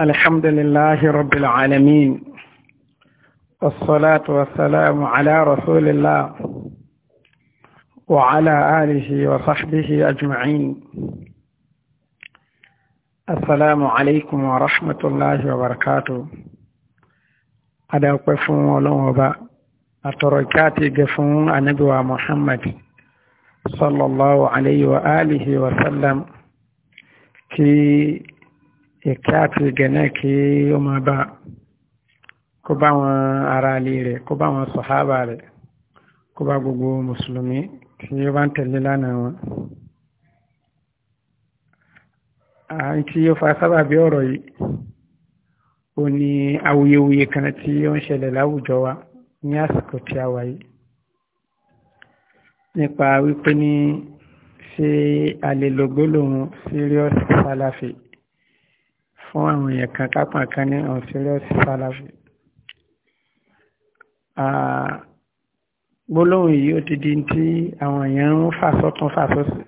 الحمد لله رب العالمين والصلاة والسلام على رسول الله وعلى آله وصحبه أجمعين السلام عليكم ورحمة الله وبركاته أدعو قفون ولوبا أتركاتي قفون أندوى محمد صلى الله عليه وآله وسلم كي ìkẹ́ àti ìgẹ̀nẹ́ kí ó máa bá kó bá wọn ará ilé rẹ̀ kó bá wọn sọ̀hábà rẹ̀ kó bá gbogbo mùsùlùmí tí ó bá ń tẹ̀lé lánàá wọn. àyìn tí ó fa sábàbí ọ̀rọ̀ yìí ó ní awuyewuye kan tí ó ń ṣẹlẹ̀ láwùjọ wa ní àsìkò tí a wà yìí nípa wípé ní ṣé a lè serious salafi fún àwọn èèyàn kan kápá kan ní ọ̀sẹ̀rẹ́sì sálàfí gbólóhùn yìí ó ti di tí àwọn èèyàn ń fà sọ́tún fà sọ́sì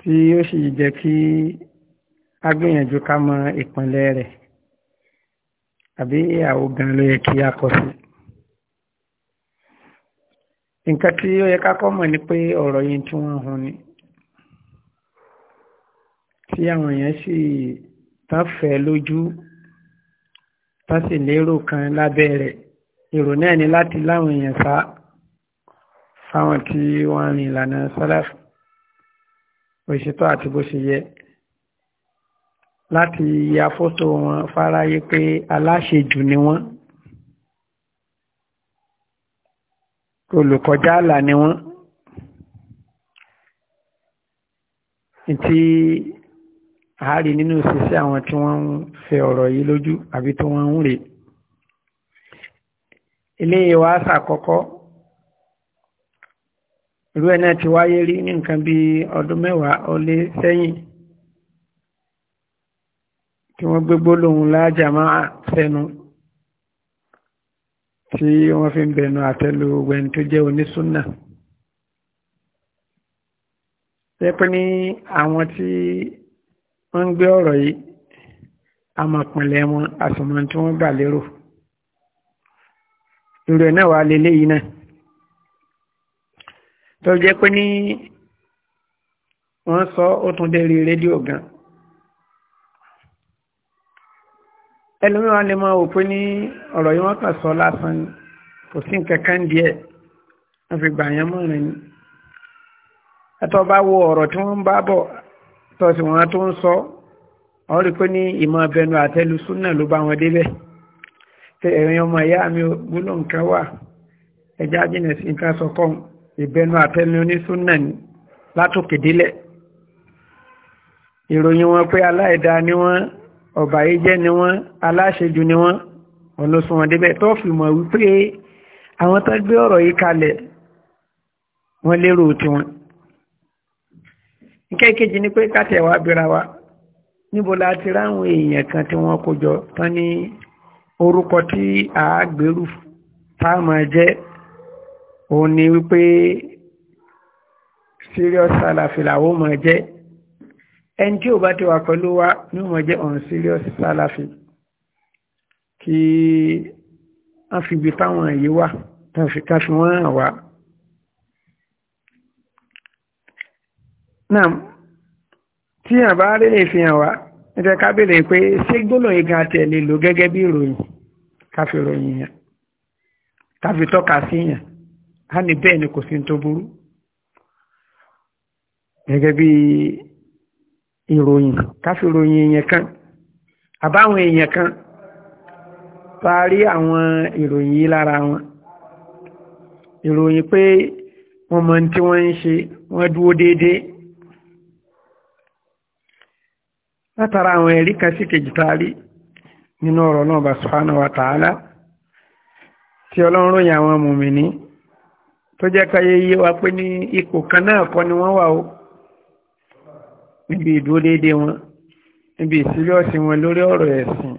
tí ó sì jẹ́ kí a gbìyànjú ká mọ ìpínlẹ̀ rẹ̀ àbí ìyàwó gan ló yẹ kí a kọ sí nǹkan tí ó yẹ ká kọ́ mọ̀ ni pé ọ̀rọ̀ yìí tí wọ́n hun ni tí àwọn èèyàn sì táfẹ́ lójú tá sì lérò kan lábẹ́ rẹ̀ èrò náà ni láti láwọn èèyàn sá fáwọn tí wọ́n rìn ìlànà sálàf òṣìṣẹ́ àti bó ṣe yẹ láti ya fọ́tò wọn fáráyé pé aláṣejù ni wọ́n olùkọjá àlà ni wọ́n tí àárí nínú ìṣẹ́sẹ́ àwọn tí wọ́n ń fẹ ọ̀rọ̀ yìí lójú àbí tí wọ́n ń rè ilé ìwà àkọ́kọ́ irú ẹ̀ náà ti wáyé rí ní nǹkan bí ọdún mẹ́wàá ó lé sẹ́yìn tí wọ́n gbé gbólóhùn láàjà sẹ́nu tí wọ́n fi ń bẹnu àtẹ́lu wẹni tó jẹ́ onísúnnà pẹ́pẹ́ ní àwọn tí wọ́n ń gbé ọ̀rọ̀ yìí a máa pinlẹ̀ wọn a sì mọ tí wọ́n gbà lérò ìrẹ̀ náà wà lélẹ̀ yìí náà tó jẹ́ pé ní wọ́n sọ ó tún dérí rédíò gan ẹlòmíràn lè máa wò pé ní ọ̀rọ̀ yìí wọ́n kàn sọ lásán kò sí nǹkan kan díẹ̀ wọ́n fi gbà yẹn mọ́rin ni ẹ̀tọ́ bá wo ọ̀rọ̀ tí wọ́n ń bá bọ̀ tọ́sí wọn tó ń sọ ọ rí pé ní ìmọ̀ abẹnu àtẹlu súnà ló bá wọn débẹ̀ tẹ ẹ̀rin ọmọ ìyá mi gbóná nǹkan wà ẹja jìnà sí nǹkan sọkọ ìbẹnu àtẹlu ní súnà látòkè délẹ̀ ìròyìn wọn pé aláìda ni wọn ọ̀bàyéjẹ́ ni wọ́n aláṣejù ni wọ́n ọlọ́sùn wọn débẹ̀ tó fi mọ̀ wípé àwọn tó gbé ọ̀rọ̀ yìí kalẹ̀ wọ́n lérò tiwọn nǹkan kejì ni pé kátẹ̀ wá bíra wa níbo la ti ráwọn èèyàn kan tí wọ́n kó jọ tán ní orúkọ tí a gbèrú táàmà jẹ́ òun ni wípé serious salafi làwọn mọ̀ jẹ́ ẹni tí ò bá ti wà pẹ̀lú wa ní mọ̀ jẹ́ on serious salafi kí wọ́n fi ibi táwọn èyí wà tàfi wọ́n hàn wá. náà tí àbá rí lè fi hàn wá ẹ̀jẹ̀ ká béèrè pé ṣé gbólóyìn gan tẹ̀lé lò gẹ́gẹ́ bí ìròyìn káfí ròyìn yẹn káfí tọ́ka sí yẹn á ní bẹ́ẹ̀ ni kò sí tó burú gẹ́gẹ́ bí ìròyìn káfí ròyìn èèyàn kan àbáwọn èèyàn kan parí àwọn ìròyìn yìí lára wọn ìròyìn pé wọ́n mọ tí wọ́n ń ṣe wọ́n dúró déédéé látara àwọn ẹ̀rí kan sí kejì taari nínú ọ̀rọ̀ náà bá subhanahu wa ta'ala tí ọlọ́run ròyìn àwọn mùmìnì tó jẹ́ káyé yé wa pé ní ipò kan náà kọ́ ni wọ́n wà ó níbi ìdúró déédé wọn níbi ìsílẹ̀ ọ̀sìn wọn lórí ọ̀rọ̀ ẹ̀sìn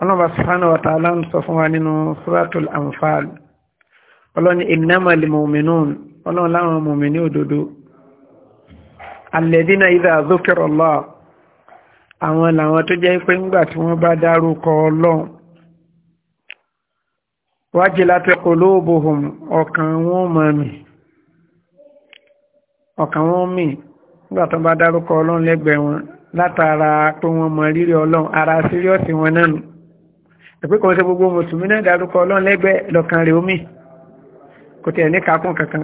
ọlọ́run bá subhanahu wa ta'ala ń sọ fún wa nínú suratul anfal ọlọ́ni innamal mu'minun ọlọ́run láwọn mùmìnì òdodo alladhina idha dhukira Allah àwọn làwọn tó jẹ́ pé ńgbà tí wọ́n bá dárúkọ ọlọ́run wajilat qulubuhum ọkàn wọn máa mì ọkàn wọn mì nígbà tó bá dárúkọ ọlọ́run lẹ́gbẹ̀ẹ́ wọn látara pé wọ́n mọ rírì ọlọ́run ara síríọ̀sì wọn náà nù ẹ̀pẹ́ kan ṣe gbogbo mùsùlùmí náà dárúkọ ọlọ́run lẹ́gbẹ̀ẹ́ lọ́kàn rẹ̀ omi kò tiẹ̀ ní kakún kankan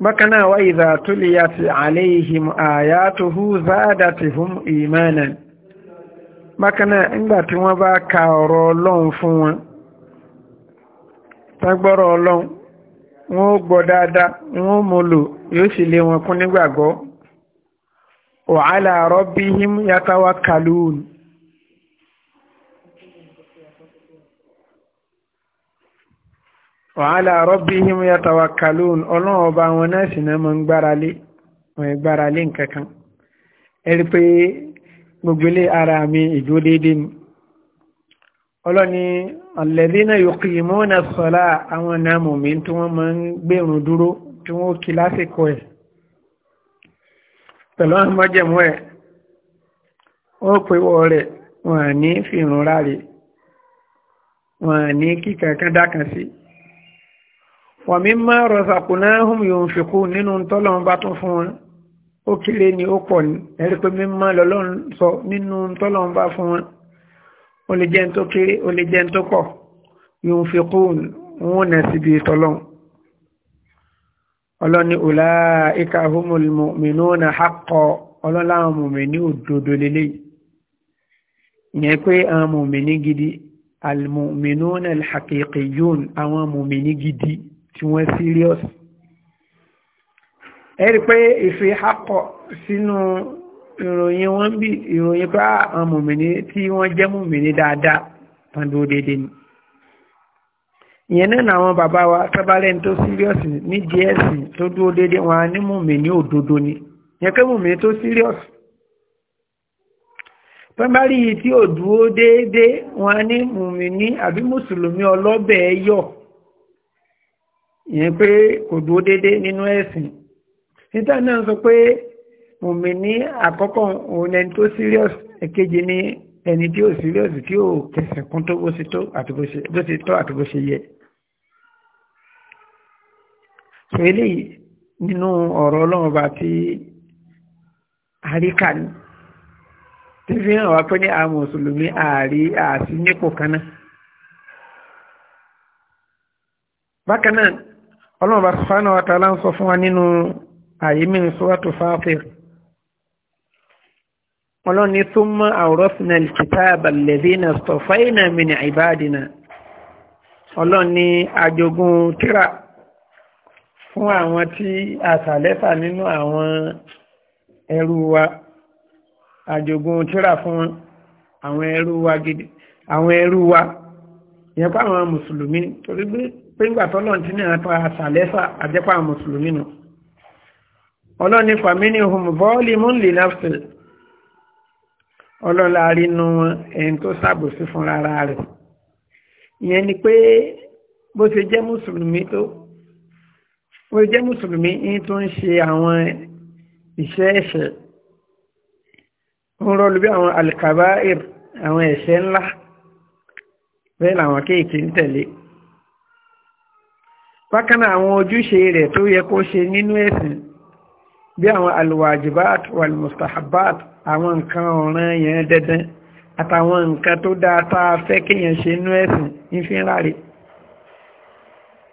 bákanáà wá idha tuliyat alayhim ayatuhu zadatihum imanan bákanáà ńgbà tí wọ́n bá ka ọ̀rọ̀ ọlọ́run fún wọn tágbọ́rọ̀ ọlọ́run wọ́n ó gbọ́ dáadáa wọ́n ó mú lò yóò sì lé wọn kún nígbàgbọ́ wa ala rabbihim yatawakkalun wàhálà rabbihim yatawakkalun ọlọ́run ọba wọn náà sì náà mọ́ ń gbára lé wọ́n gbára lé nkankan ẹ̀rí pé gbogbo ilé ara mi ìjó déédéé ni ọlọ́ni alladhina yuqimuna as-salata àwọn náà mọ̀mí tí wọ́n máa ń gbèrún dúró tí wọ́n kí lásìkò ẹ̀ pẹ̀lú àwọn mọ́jẹ̀mú ẹ̀ wa mimma razaqnahum yunfiqun nínú tọ́lọ́run bá tún fún wọn ó kéré ni ó pọ̀ ní ẹ̀rí pé mímá lọ́lọ́run sọ nínú tọ́lọ́run bá fún wọn ó lè jẹ́ tó kéré ó lè jẹ́ tó pọ̀ yunfiqun wọn nà síbi tọ́lọ́run ọlọ́ni ulaika humul mu'minuna haqqo ọlọ́láwọn mùmìnì tí wọ́n serious ẹ̀rí pé ìfi akọ̀ sínú ìròyìn wọn bí ìròyìn bá ah, àwọn mòmìnì tí wọ́n jẹ́ mòmìnì dáadáa tán dúró ni ìyẹn náà làwọn bàbá wa sábàlẹ̀ tó serious nídìí ẹ̀sìn tó dúró déédéé wọn ní mòmìnì òdodo ni yẹ kí mòmìnì tó serious pẹ́ńbárì yìí tí ò dúró déédéé wọn ní mòmìnì àbí mùsùlùmí ọlọ́bẹ̀ẹ́ ìyẹn pé kò dúró déédéé nínú ẹ̀sìn níta náà sọ pé mùmí ní àkọ́kọ́ òun ẹni tó serious èkejì ní ẹni tí ò serious tí ò kẹsẹ̀ kún tó bó ṣe tó àti bó ṣe yẹ. sọ eléyìí nínú ọ̀rọ̀ ọlọ́run bá ti àríkà ni tí fi hàn wá pé ní àwọn mùsùlùmí ààrí àti nípò kan náà. bákan náà ọlọ́run bá subhanahu wa ta'ala ń sọ fún wa nínú àyímí suratu Fatir ọlọ́run ní thumma awrathna al-kitaba alladhina istafayna min ibadina ọlọ́run ní àjogún tíra fún àwọn tí àtàlẹ́fà nínú àwọn ẹrú wa àjogún tíra fún àwọn ẹrú wa gidi àwọn ẹrú wa yẹn pa àwọn mùsùlùmí torí pé pé ńgbà tọ́lọ́n ti ní àtọ́ àṣàlẹ́sà àjẹ́pà mùsùlùmí nù ọlọ́ni fàmínì hùm bọ́ọ̀lì múnlì náfẹ́ ọlọ́la rínú ẹni tó ṣàbòsí fún rárá rẹ̀ ìyẹn ni pé bó ṣe jẹ́ mùsùlùmí tó bó ṣe jẹ́ mùsùlùmí ní tó ń ṣe àwọn iṣẹ́ ẹ̀ṣẹ̀ ń rọlù bí àwọn alkabair àwọn ẹ̀ṣẹ̀ ńlá bẹ́ẹ̀ làwọn kéèké ń tẹ̀lé bákan náà àwọn ojúṣe rẹ̀ tó yẹ kó ṣe nínú ẹ̀sìn bí àwọn alwajibat walmustahabat àwọn nǹkan ọ̀ràn yẹn dandan àtàwọn nǹkan tó dáa tá a fẹ́ kéèyàn ṣe nínú ẹ̀sìn ń fi ń ráre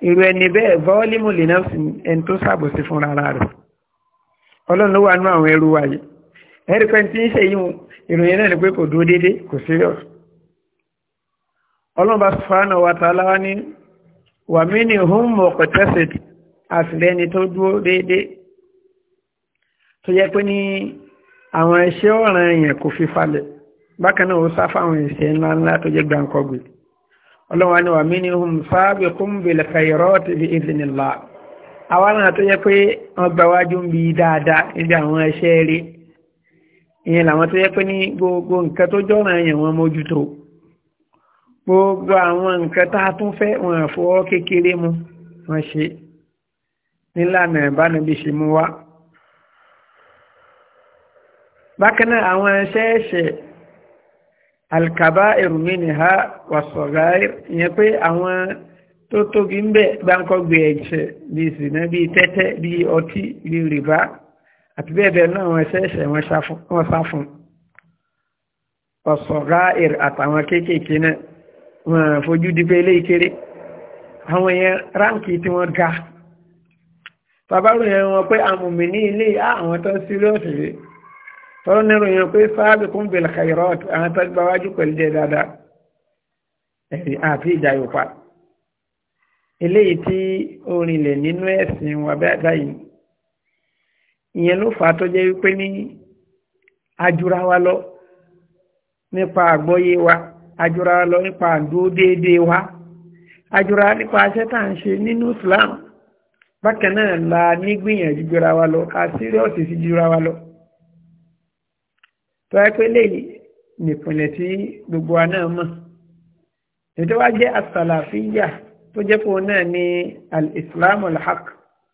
irú ẹni bẹ́ẹ̀ vọ́ọ́límù lè náà sí ẹni tó ṣàbòsí fúnra rẹ̀ ọlọ́run wàmínì hún mọ̀kọ̀tẹ́sìt àtìlẹ́ni tó dúró déédé tó jẹ́ pé ní àwọn iṣẹ́ ọ̀ràn èèyàn kò fi falẹ̀ bákan náà ó sá fáwọn iṣẹ́ ńláńlá tó jẹ́ gbàǹkọ́gbè ọlọ́wà ni wàmínì hún sáàbì kún bèlẹ̀ kàìrọ́ ti bí ìdìnnìlá àwọn náà tó jẹ́ pé wọ́n gba wájú ń bi dáadáa níbi àwọn iṣẹ́ rí ìyẹn làwọn tó jẹ́ pé ní gbogbo nǹkan tó jọ́ràn èèyàn wọn mójútó gbogbo àwọn nǹkan tá a tún fẹ́ wọn fọwọ́ kékeré mu wọ́n ṣe nílànà ìbánibí ṣe mú wá bákan náà àwọn ẹ̀ṣẹ̀ẹ̀ṣẹ̀ alkaba'ir minha was-saghair ìyẹn pé àwọn tó tóbi ń bẹ̀ gbáǹkọ́gbé ẹ̀ṣẹ̀ bíi zina bíi tẹ́tẹ́ bíi ọtí bíi rìbá àti bẹ́ẹ̀ bẹ́ẹ̀ náà àwọn ẹ̀ṣẹ̀ẹ̀ṣẹ̀ wọ́n sá fún was-saghair àtàwọn kéékèèké náà wọ́n fojú di pé ilé ìkéré àwọn èèyàn ráǹkì tí wọ́n ga bàbá ròyìn wọn pé àmùmí ní ilé àwọn tó ń síríọ̀sì rèé tọ́rọ nírò yẹn pé sáàbì kún bèèrè kàìrọ́t àwọn tó gba wájú pẹ̀lú jẹ́ dáadáa ẹ̀rí àti ìjà yòókpa eléyìí tí orin lè nínú ẹ̀sìn wà bẹ́ẹ̀ báyìí ìyẹn ló fà á tó jẹ́ wípé ní ajura wa lọ nípa àgbọ́yé wa àjọra lọ nípa àdúró déédéé wa àjọra nípa iṣẹ́ tá à ń ṣe nínú Islam bákan náà la nígbìyànjú jọra wa lọ a síríọ̀sì sí jọra wa lọ tó yẹ pé léyìí nìpínlẹ̀ tí gbogbo wa náà mọ̀ ètò wa jẹ́ asàlàfíyà tó jẹ́ pé òun náà ní islam al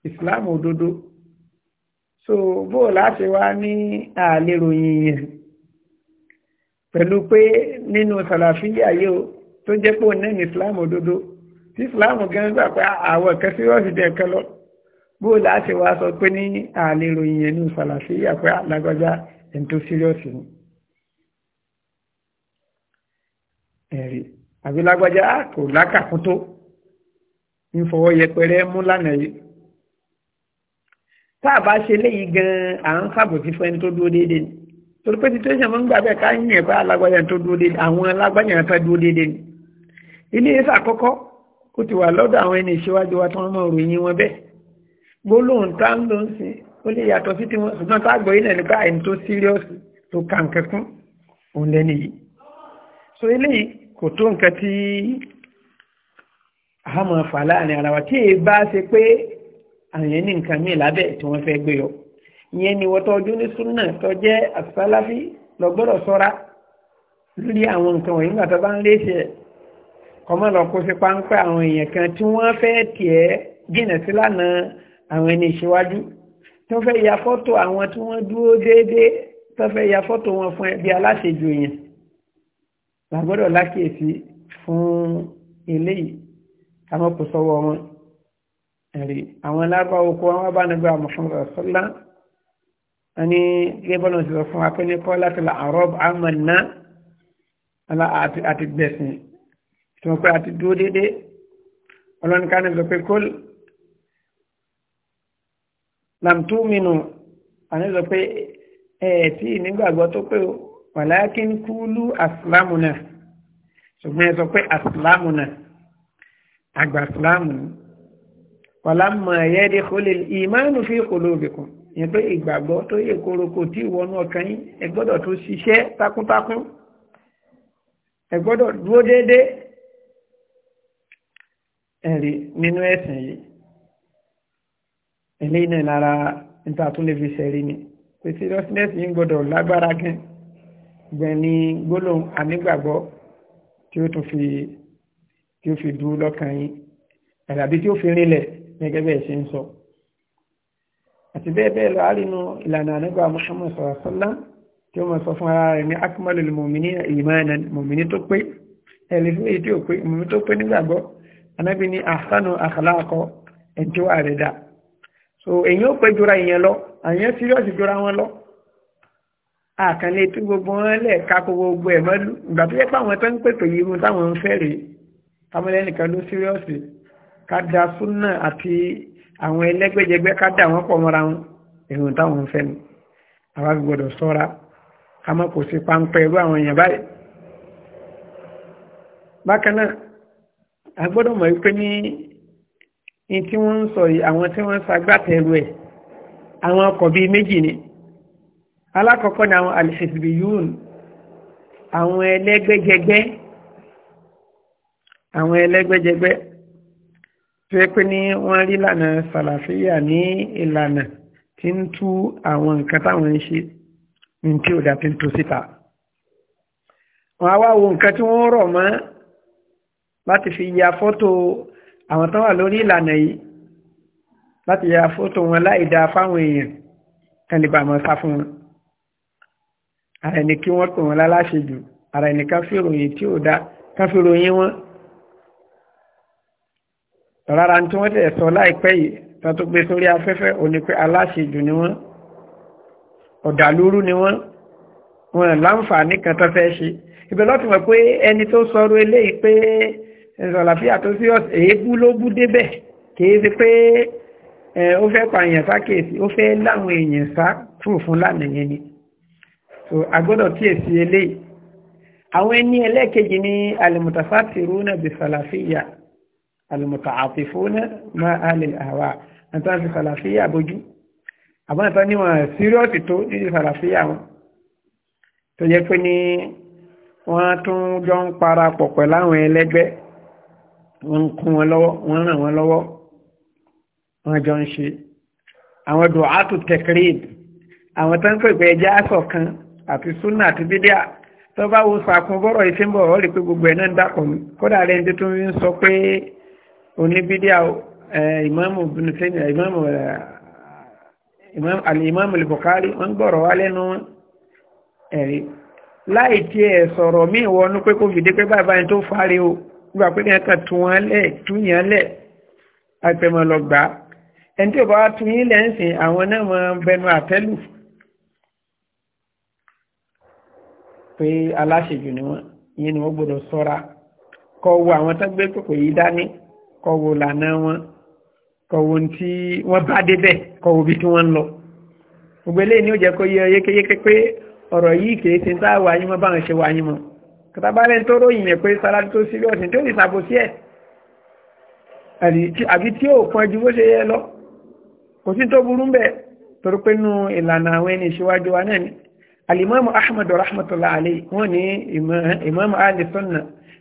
Islam òdodo so bóòlù àti wa ní àlérò yìnyín pẹ̀lú pé nínú sàlàfíà yìí o tó jẹ́ pé òun ní islam òdodo tí islam gan gbà pé àwọn ẹ̀kẹ́ sírọ́ọ̀sì jẹ́ ẹ̀kẹ́ lọ bó láti wá sọ pé ní àlè ròyìn ẹ̀nu sàlàfíà pé alágbájá ẹni tó sírọ́ọ̀sì ni. ẹ̀rí àbí lágbájá kò lákàkún tó ń fọwọ́ yẹpẹrẹ mú lánàá yìí tá a bá ṣe léyìí gan-an à ń fàbòsí fún ẹni tó dúró déédéé ni torí pé situation mọ́ ń gbà bẹ́ẹ̀ ká yìn bá alágbájá tó dúró déédéé àwọn alágbájá tó dúró déédéé ni ilé Ísà àkọ́kọ́ ó ti wà lọ́dọ̀ àwọn ẹni ìṣíwájú wa tí wọ́n mọ̀ ròyìn wọn bẹ́ẹ̀ gbólóhùn tá ń lò ń sìn ó lè yàtọ̀ sí tiwọn ṣùgbọ́n tá àgbọ̀ yìí lẹ́nu àìní tó serious tó ka nǹkan kún òun lẹ́nu yìí so eléyìí kò tó nǹkan tí àmọ̀ fà láàrin ara wa tí èé bá ṣe pé àyẹ̀ ní nǹkan míì lábẹ́ tí wọ́n fẹ́ gbé yọ ìyẹn ni wọ́tọ́ ojú ní súnà tó jẹ́ àtàláfí lọ́gbọ́dọ̀ sọ́ra lórí àwọn nǹkan wọ̀nyí nígbà tó bá ń léṣe kọ́mọ́ lọ kó sí páńpẹ́ àwọn èèyàn kan tí wọ́n fẹ́ tiẹ̀ jìnà sí lánàá àwọn ẹni ìṣíwájú tí fẹ́ ya fọ́tò àwọn tí wọ́n dúró déédéé tó fẹ́ ya fọ́tò wọn fún ẹbí aláṣejù èèyàn làgbọ́dọ̀ lákèésí fún eléyìí àwọn kò sọ́wọ́ wọn ẹ̀rí àwọn alágbà oko wọn bá nígbà mọ̀fọ́nrán sọ́lá ẹni gẹ́gbọ́n náà ti sọ fún akẹ́ni kọ́ láti la àrọ́bù àmàna àti gbẹ̀sìn tí wọ́n pé àti dúró déédéé ọlọ́ni ká ní sọ pé kó làmtúmínú àní sọ pé ẹ̀ẹ̀tì nígbàgbọ́ tó pé wàláàkín kúlú àsìlámù náà ṣùgbọ́n ẹ sọ pé àsìlámù náà àgbà àsìlámù wàlámù ẹ̀yẹ́dẹ́kọ́lẹ̀ ìmánu fi qulubikum ìpé ìgbàgbọ́ tó yẹ koroko tí ìwọnú ọkàn yín ẹ gbọ́dọ̀ tó ṣiṣẹ́ takuntakun ẹ gbọ́dọ̀ dúró déédé ẹ̀rí nínú ẹ̀sìn yìí eléyìí náà lára níta fi ṣẹ̀rí ni pé seriousness yìí gbọ́dọ̀ lágbára gan gbẹ̀ni gbólóhùn ànígbàgbọ́ tí ó tún fi tí ó fi dúró lọ́kàn yín ẹ̀rọ àbí tí ó fi rinlẹ̀ gẹ́gẹ́ bẹ́ẹ̀ ṣe ń sọ. So àti bẹ́ẹ̀ bẹ́ẹ̀ lọ àrínú ìlànà àníbà Muhammad sallallahu alaihi wasallam tí ó mọ̀ sọ fún ara rẹ̀ ní akmalul mu'minina imanan mọ̀mìnì tó pé mọ̀mìnì tó pé so èyí ó pé jura ìyẹn lọ àyẹn síríọ̀sì jura wọn lọ àkànlé tí gbogbo wọn lẹ̀ ká gbogbo ẹ̀ mọ́lú ìgbà tó yẹ pé àwọn tó ń pèpè àwọn ẹlẹ́gbẹ́jẹgbẹ́ ká dà wọ́n pọ̀ mọ́ra wọn èrò táwọn fẹ́ ni àwa gbọ́dọ̀ sọ́ra ká má kò sí páńpẹ́ irú àwọn èèyàn báyìí. bákan náà a gbọ́dọ̀ mọ̀ wípé ní ní tí wọ́n ń sọ yìí àwọn tí wọ́n ń ṣagbátẹrù ẹ̀ àwọn ọkọ̀ bíi méjì ni alákọ̀ọ́kọ́ ni àwọn alìfẹ̀sìbìyún àwọn ẹlẹ́gbẹ́jẹgbẹ́ àwọn ẹlẹ́gbẹ́jẹgbẹ́ tó yẹ pé ní wọ́n rí ìlànà sàlàfíà ní ìlànà tí ń tú àwọn nǹkan táwọn ń ṣe ní tí ò dá tí ń tó síta wọ́n á wá wo nǹkan tí wọ́n rọ̀ mọ́ láti fi ya fọ́tò àwọn tó wà lórí ìlànà yìí láti ya fọ́tò wọn láì dáa fáwọn èèyàn kan lè sá fún wọn ara ẹni kí wọ́n pè wọ́n láláṣejù ara ẹni ká fi ròyìn tí ò dá ká fi ròyìn wọn rárá tí wọ́n tẹ̀ sọ láìpẹ́ yìí tán tó gbé sórí afẹ́fẹ́ òní pé aláṣejù ni wọ́n ọ̀dàlúrú ni wọ́n wọn láǹfààní kan tó fẹ́ ṣe ibẹ̀ lọ́tí mọ̀ pé ẹni tó sọ̀rọ̀ eléyìí pé ìsọ̀làfíà tó sí ọ̀sẹ̀ ló bú débẹ̀ kìí ṣe pé ó fẹ́ pààyàn sákèsí ó fẹ́ láwọn èèyàn sá kúrò fún lánàá ni so a gbọ́dọ̀ kíyèsí eléyìí àwọn ẹni ẹlẹ́ẹ̀kejì ní alimutasatiruna bisalafiyya alùmọ̀tàáfífóná máa alẹ́ àwà àtà fi fàlàfíà bójú àbáǹtà níwọ̀n síríọ́sì tó níbi fàlàfíà wọn tó jẹ́ pé ní wọ́n tún jọ ń parapọ̀ pẹ̀lú àwọn ẹlẹ́gbẹ́ wọ́n ń kún wọn lọ́wọ́ wọ́n ràn wọ́n lọ́wọ́ wọ́n jọ ń ṣe àwọn dùhátù tẹ̀kírìd àwọn tó ń pè pé ẹjẹ́ àṣọ kan àti súnà àti bídíà tó bá wo sàkún bọ́rọ̀ ìṣẹ́ńbọ̀ ọ́ rí pé gbogbo ẹ̀ náà ń dàpọ̀ kódà rẹ̀ ń tó ń sọ pé oníbídíà Imamu bínúfẹ́ni Imamu alìmáàmù Bukhari wọ́n gbọ́rọ̀ wá lẹ́nu wọn ẹ̀rí láì tí ẹ̀ sọ̀rọ̀ míì wọnú pé kó fìdí pé bàbá yẹn tó fáre o gbà pé kí ẹ̀kan tún wọn lẹ̀ tún yàn lẹ̀ àpẹmọ lọ gbà á ẹni tí ò bá wá tún yín lẹ́sìn àwọn náà mọ bẹnu àtẹ́lù pé aláṣejù ni wọ́n ìyẹn ni wọ́n gbọ́dọ̀ sọ́ra kọ́ wo àwọn tó gbé kòkò yìí dání kọ̀wò lànà wọn kọ̀wò tí wọ́n bá débẹ̀ kọ̀wò bí tí wọ́n ń lọ gbogbo eléyìí ni ó jẹ́ kó yẹ yékéyéké pé ọ̀rọ̀ yìí kìí ṣe ń tá àwọn ayímọ́ báwọn ṣe wà ayímọ́ kàtàbálẹ̀ tó ròyìn yẹn pé sáláàdì tó sí ọ̀sìn tó lè sàbò sí ẹ̀ àbí tí ó pọn ju bó ṣe yẹ lọ kò sí tó burú bẹ́ẹ̀ torí pé nú ìlànà àwọn ẹni ìṣíwájú wa náà ni alimami ahmed rahmatullahi alayhi wọ́n ní imam ahli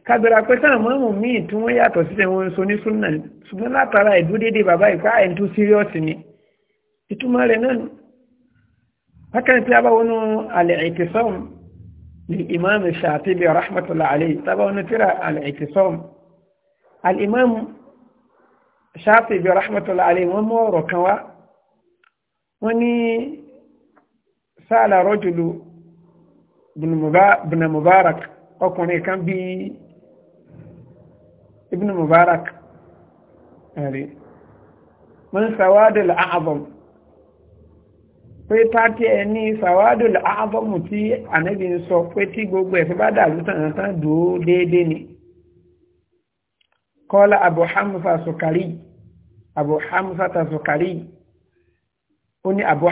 kagbèrè pé sáà mọ́mù míì tí wọ́n yàtọ̀ sí ẹ̀wọ̀n sọ ní súnà ṣùgbọ́n látara ìdúdédé bàbá ìfá ẹ̀ tó síríọ́sì ni ìtumọ̀ rẹ̀ náà bákan tí a bá wọnú al-i'tisam li imam Shatibi rahmatullahi alayhi tábà wọnú tíra al-i'tisam al-imam Shatibi rahmatullahi alayhi wọ́n mú ọ̀rọ̀ kan wá wọ́n ní sa'ala rajulu bin ọkùnrin kan bíi ibn mubarak ẹ̀rí min sawadul a'zam pé tàti ẹ̀ ní sawadul a'zam tí ànábì ń sọ pé tí gbogbo ẹ̀fẹ́ bá dàrú tàn tán dúó déédéé ni kọ́lá abu hamza sukari abu hamza ta sukari ó ní abu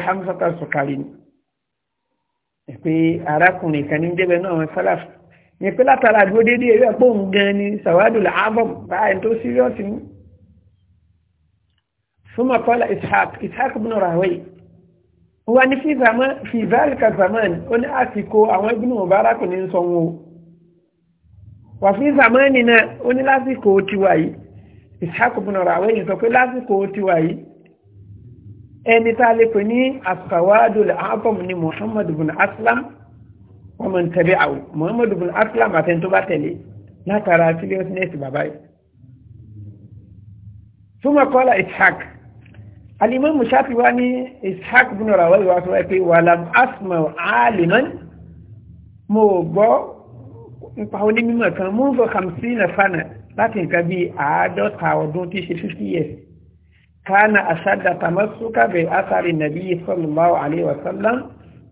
arákùnrin kan ní débẹ̀ náà wọn sálàfù ní pé látara dúró dédé eré ẹ̀pọ̀ gan ni sàwádùn làábọ̀m báyìí tó síríọ́sì mú fún àkọọ́lá ishaq ishaq ibn rahway wọ́n ní fi zalika zaman ó ní àsìkò àwọn ibn mubarak ní sọ wọn o wà fi zamani náà ó ní lásìkò tiwa yìí ishaq ibn rahway sọ pé lásìkò tiwa yìí ẹni tá a lè pè ní àsàwádùn làábọ̀m ni muhammad ibn aslam wọ́n mọ̀ ń tẹ̀lé àwọ̀ Muhammadu bin Aslam àtẹni tó bá tẹ̀lé látara seriousness bàbá yìí. súnmọ́ kọ́lá Ishaq alimami shafi wa ní Ishaq bin Rawayi wa sọ pé wàlám asma aliman mo gbọ́ nípa onímọ̀ kan mú fọ hamsin na fana láti nǹkan bíi àádọ́ta ọdún tí ṣe fifty years kana ashadda tamassuka bi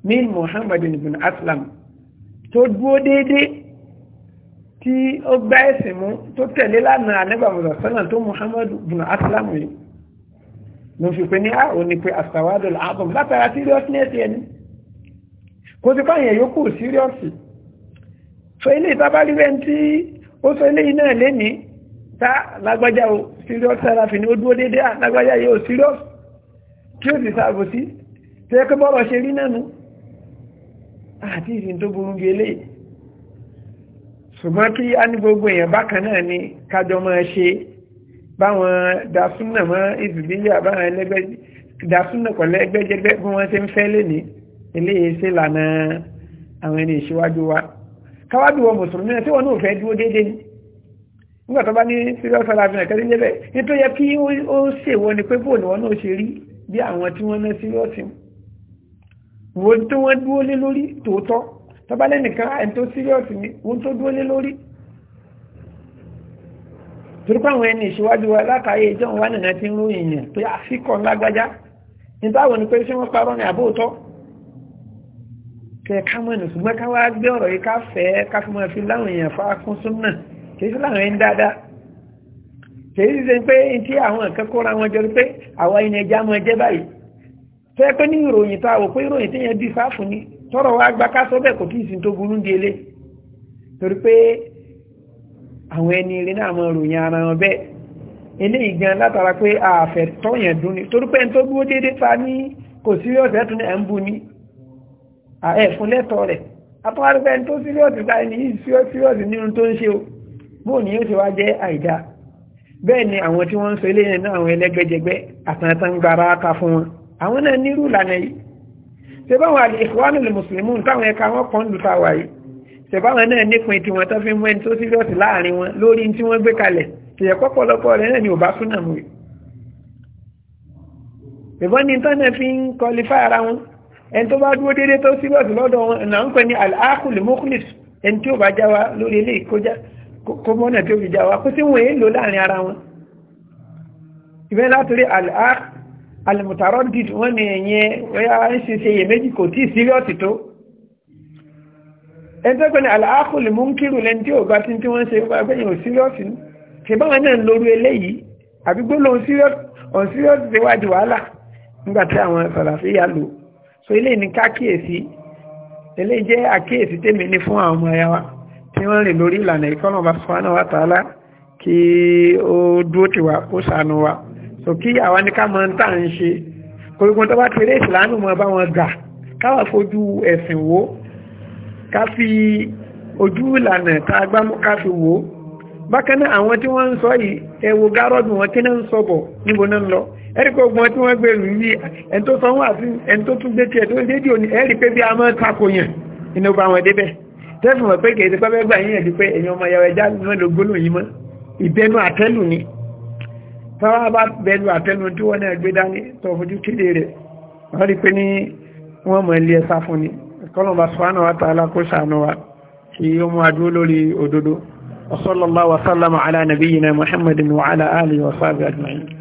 min muhammadin bin aslam tó dúó déédé tí ó gbá ẹ̀sìn mú tó tẹ̀lé lánà anẹ́bàbọ̀dọ̀ sọ́nà tó Muhammadu bin Aslam yìí ló fi ah, pé ní àwọn ni pé àsàwádọ̀ làbọ̀m látara seriousness ẹni kò sí fáyẹ̀ yókù serious so ilé ìtàbárí rẹ̀ tí ó sọ ilé iná lẹ́ni tá lágbájá o serious sáràfin ó dúó déédé ah, lágbájá yóò serious kí ó sì sáàbò sí tẹ́ẹ̀kẹ́ bọ́rọ̀ ṣe rí náà nù àti ìsìn tó burú bí eléyìí ṣùgbọ́n kí á ní gbogbo èèyàn bákan náà ni kájọ máa ṣe báwọn dasúnà mọ́ ìdùbílẹ̀ àbáwọn ẹlẹ́gbẹ́ dasúnà pẹ̀lú ẹgbẹ́jẹgbẹ́ bí wọ́n ti ń fẹ́ lénìí eléyìí ṣe lànà àwọn ẹni ìṣíwájú wa káwájú wọn mùsùlùmí náà tí wọn náà fẹ́ dúró déédéé ni nígbà tó bá ní serious aláàfin àkẹ́lẹ́ níbẹ̀ nítorí yẹ kí ó ṣèwọ ni pé bóun wọn náà ṣe rí bí àwọn tí wọ́n ná serious mu wo tó wọ́n dúó lé lórí tòótọ́ tọ́bálẹ̀ nìkan ẹni tó síríọ̀sì ni wọ́n tó dúó lé lórí torípọ̀ àwọn ẹni ìṣíwájú wa látàáyé ìjọ wà nìyàn ti ń rú èèyàn tó yá síkọ̀ lágbájá ní ni pé ṣé wọ́n parọ́ ní àbóòtọ́ kẹ ká mọ̀ ní ṣùgbọ́n ká wá gbé ọ̀rọ̀ yìí ká fẹ́ ká fi máa fi láwọn èèyàn fa kún súnmọ̀ kìí sí láwọn ẹni dáadáa kìí sí pé tí àwọn nǹkan kóra wọn jọ pé àwa ẹni ẹja mọ ẹjẹ báyìí tẹ́ pé ní ìròyìn tá a wò pé ìròyìn tí yẹn bí fáfù ni tọ́rọ̀ wá gba ká sọ bẹ́ẹ̀ kò kí ìsìn tó burú di elé torí pé àwọn ẹni eré náà mọ ròyìn ara wọn bẹ́ẹ̀ eléyìí gan látara pé ààfẹ́ tọ́yàn dún ni torí pé ẹni tó dúró déédéé ta ní kò síríọ̀sì ẹ̀tún ẹ̀ ni ẹ̀ fún ń ṣe o ni yóò ṣe wá jẹ́ àìdá bẹ́ẹ̀ ni àwọn tí wọ́n ń sọ àwọn náà nírú ìlànà yìí ṣe báwọn àlèkùwánù lè mùsùlùmí táwọn ẹka wọn kan lù táwa yìí ṣe báwọn náà nípin tí wọn tó fi mú ẹni tó sírọ̀sì láàrin wọn lórí tí wọ́n gbé kalẹ̀ ṣèyẹ pọ́pọ̀lọpọ̀ rẹ̀ náà ni ò bá súnà mú ìbọn ni tán náà fi ń kọlifá ara wọn ẹni tó bá dúró déédéé tó sírọ̀sì lọ́dọ̀ wọn náà ń pè ní al alìmùtàrọ́dìd wọ́n ni ẹ̀yẹn ọya ń ṣe ṣe iyèméjì kò tí síríọ́tì tó ẹgbẹ́gbẹ́ ni aláàkùnlé mú ń kírù lẹ́ni tí ò bá tí tí wọ́n ṣe gbẹ́yìn ò síríọ́tì ṣe báwọn náà lórí eléyìí àbí gbólóhùn síríọ́tì ti wájú wàhálà nígbà tí àwọn sàlàfíà lò so eléyìí ni kákíyèsí eléyìí jẹ́ àkíyèsí tèmi ní fún àwọn ọmọ ẹ̀yà wa tí wọ́n rìn lórí ìlànà ìkọ́nà ọba sọ́nà wa tààlà kí ó dúró tiwa ó ṣàánú wa so kí àwa ní ká mọ ń tà ń ṣe korígun tó bá ti rí ìsìlámù mọ bá wọn gà káwà fojú ẹ̀sìn wò ká fi ojú ìlànà tá a gbámú ká fi wò bákan náà àwọn tí wọ́n ń sọ yìí ẹ̀wò gárọ́dù wọn tí náà ń sọ bọ̀ níbo náà ń lọ ẹ̀ríkọ́ ogun tí wọ́n gbé rù yí ẹni tó sanwó àti ẹni tó tún gbé tiẹ̀ tó dédì òní ẹ̀rí pé bí a máa tako yàn inú bá wọn débẹ̀ tẹ́fù mọ̀ pé kèé ti pẹ́ fẹ́ gbà yín ẹ̀dí pé èèyàn ọmọ yàwó ẹja ló gbólóhùn yìí mọ́ ìbẹnu àtẹ́lù ni tọ́wọ́ bá bẹ̀lú àtẹnu tí wọ́n náà gbé dání tó fojú kéde rẹ̀ wọ́n rí pé ní wọ́n mọ̀ ilé ẹ̀sá fún ni kọ́lọ̀mbà sọ́hánà wa tààlà kó sàánà kí ó mú adúró lórí òdodo wa sallallahu wa sallama ala nabiyyina muhammadin